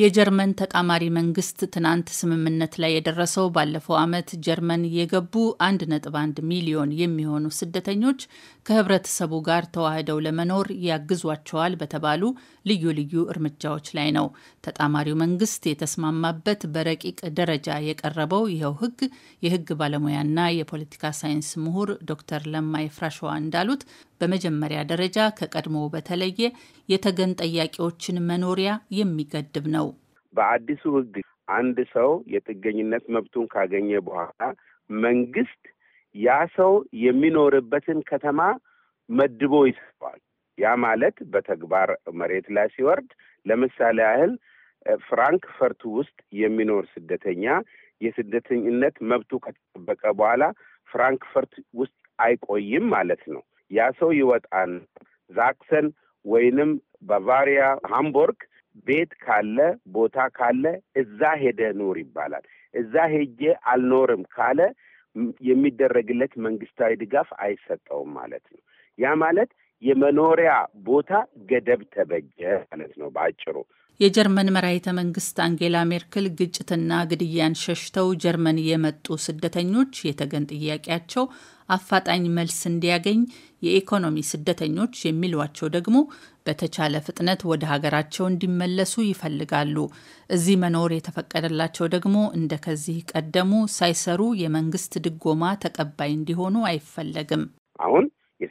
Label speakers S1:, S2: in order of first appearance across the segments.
S1: የጀርመን ተጣማሪ መንግስት ትናንት ስምምነት ላይ የደረሰው ባለፈው ዓመት ጀርመን የገቡ 1.1 ሚሊዮን የሚሆኑ ስደተኞች ከህብረተሰቡ ጋር ተዋህደው ለመኖር ያግዟቸዋል በተባሉ ልዩ ልዩ እርምጃዎች ላይ ነው። ተጣማሪው መንግስት የተስማማበት በረቂቅ ደረጃ የቀረበው ይኸው ህግ የህግ ባለሙያና የፖለቲካ ሳይንስ ምሁር ዶክተር ለማይ ፍራሸዋ እንዳሉት በመጀመሪያ ደረጃ ከቀድሞ በተለየ የተገን ጠያቂዎችን መኖሪያ የሚገድብ ነው።
S2: በአዲሱ ሕግ አንድ ሰው የጥገኝነት መብቱን ካገኘ በኋላ መንግስት ያ ሰው የሚኖርበትን ከተማ መድቦ ይሰጠዋል። ያ ማለት በተግባር መሬት ላይ ሲወርድ ለምሳሌ ያህል ፍራንክፈርት ውስጥ የሚኖር ስደተኛ የስደተኝነት መብቱ ከተጠበቀ በኋላ ፍራንክፈርት ውስጥ አይቆይም ማለት ነው። ያ ሰው ይወጣል። ዛክሰን ወይንም ባቫሪያ፣ ሃምቦርግ ቤት ካለ ቦታ ካለ እዛ ሄደ ኑር ይባላል። እዛ ሄጄ አልኖርም ካለ የሚደረግለት መንግስታዊ ድጋፍ አይሰጠውም ማለት ነው። ያ ማለት የመኖሪያ ቦታ ገደብ ተበጀ ማለት ነው በአጭሩ።
S1: የጀርመን መራሂተ መንግስት አንጌላ ሜርክል ግጭትና ግድያን ሸሽተው ጀርመን የመጡ ስደተኞች የተገን ጥያቄያቸው አፋጣኝ መልስ እንዲያገኝ፣ የኢኮኖሚ ስደተኞች የሚሏቸው ደግሞ በተቻለ ፍጥነት ወደ ሀገራቸው እንዲመለሱ ይፈልጋሉ። እዚህ መኖር የተፈቀደላቸው ደግሞ እንደ ከዚህ ቀደሙ ሳይሰሩ የመንግስት ድጎማ ተቀባይ እንዲሆኑ አይፈለግም።
S2: አሁን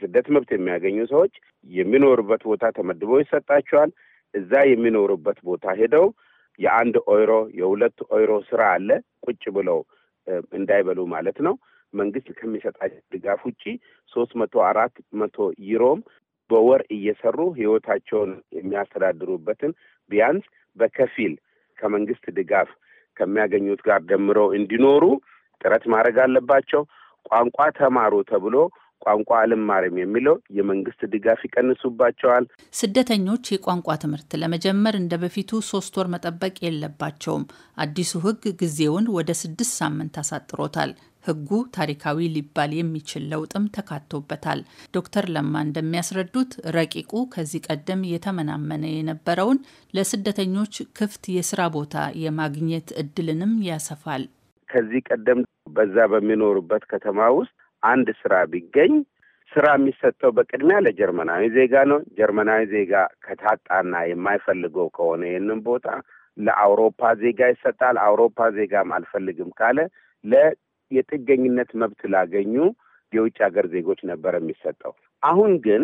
S2: የስደት መብት የሚያገኙ ሰዎች የሚኖሩበት ቦታ ተመድቦ ይሰጣቸዋል። እዛ የሚኖሩበት ቦታ ሄደው የአንድ ኦይሮ የሁለት ኦይሮ ስራ አለ ቁጭ ብለው እንዳይበሉ ማለት ነው። መንግስት ከሚሰጣቸው ድጋፍ ውጪ ሶስት መቶ አራት መቶ ዩሮም በወር እየሰሩ ህይወታቸውን የሚያስተዳድሩበትን ቢያንስ በከፊል ከመንግስት ድጋፍ ከሚያገኙት ጋር ደምረው እንዲኖሩ ጥረት ማድረግ አለባቸው። ቋንቋ ተማሩ ተብሎ ቋንቋ አልማርም የሚለው የመንግስት ድጋፍ ይቀንሱባቸዋል።
S1: ስደተኞች የቋንቋ ትምህርት ለመጀመር እንደ በፊቱ ሶስት ወር መጠበቅ የለባቸውም። አዲሱ ህግ ጊዜውን ወደ ስድስት ሳምንት አሳጥሮታል። ህጉ ታሪካዊ ሊባል የሚችል ለውጥም ተካቶበታል። ዶክተር ለማ እንደሚያስረዱት ረቂቁ ከዚህ ቀደም የተመናመነ የነበረውን ለስደተኞች ክፍት የስራ ቦታ የማግኘት እድልንም ያሰፋል።
S2: ከዚህ ቀደም በዛ በሚኖሩበት ከተማ ውስጥ አንድ ስራ ቢገኝ ስራ የሚሰጠው በቅድሚያ ለጀርመናዊ ዜጋ ነው። ጀርመናዊ ዜጋ ከታጣና የማይፈልገው ከሆነ ይህንን ቦታ ለአውሮፓ ዜጋ ይሰጣል። አውሮፓ ዜጋም አልፈልግም ካለ የጥገኝነት መብት ላገኙ የውጭ ሀገር ዜጎች ነበር የሚሰጠው። አሁን ግን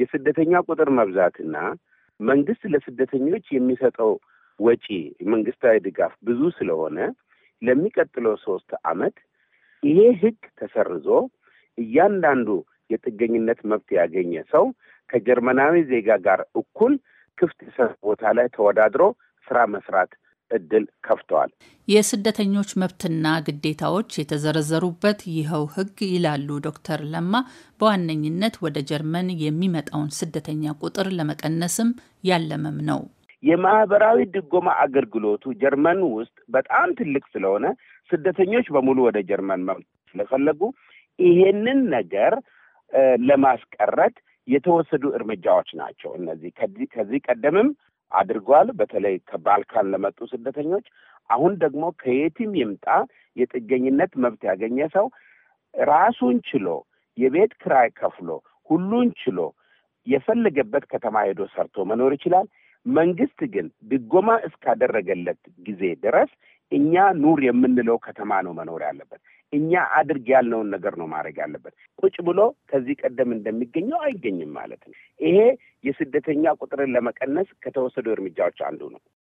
S2: የስደተኛ ቁጥር መብዛትና መንግስት ለስደተኞች የሚሰጠው ወጪ መንግስታዊ ድጋፍ ብዙ ስለሆነ ለሚቀጥለው ሶስት አመት ይሄ ህግ ተሰርዞ እያንዳንዱ የጥገኝነት መብት ያገኘ ሰው ከጀርመናዊ ዜጋ ጋር እኩል ክፍት የስራ ቦታ ላይ ተወዳድሮ ስራ መስራት እድል ከፍተዋል።
S1: የስደተኞች መብትና ግዴታዎች የተዘረዘሩበት ይኸው ህግ ይላሉ ዶክተር ለማ በዋነኝነት ወደ ጀርመን የሚመጣውን ስደተኛ ቁጥር ለመቀነስም ያለመም ነው።
S2: የማህበራዊ ድጎማ አገልግሎቱ ጀርመን ውስጥ በጣም ትልቅ ስለሆነ ስደተኞች በሙሉ ወደ ጀርመን መምጣት ስለፈለጉ ይሄንን ነገር ለማስቀረት የተወሰዱ እርምጃዎች ናቸው። እነዚህ ከዚህ ቀደምም አድርጓል። በተለይ ከባልካን ለመጡ ስደተኞች። አሁን ደግሞ ከየትም ይምጣ የጥገኝነት መብት ያገኘ ሰው ራሱን ችሎ የቤት ክራይ ከፍሎ ሁሉን ችሎ የፈለገበት ከተማ ሄዶ ሰርቶ መኖር ይችላል። መንግስት ግን ድጎማ እስካደረገለት ጊዜ ድረስ እኛ ኑር የምንለው ከተማ ነው መኖር ያለበት። እኛ አድርግ ያልነውን ነገር ነው ማድረግ ያለበት። ቁጭ ብሎ ከዚህ ቀደም እንደሚገኘው አይገኝም ማለት ነው። ይሄ የስደተኛ ቁጥርን ለመቀነስ ከተወሰዱ እርምጃዎች አንዱ ነው።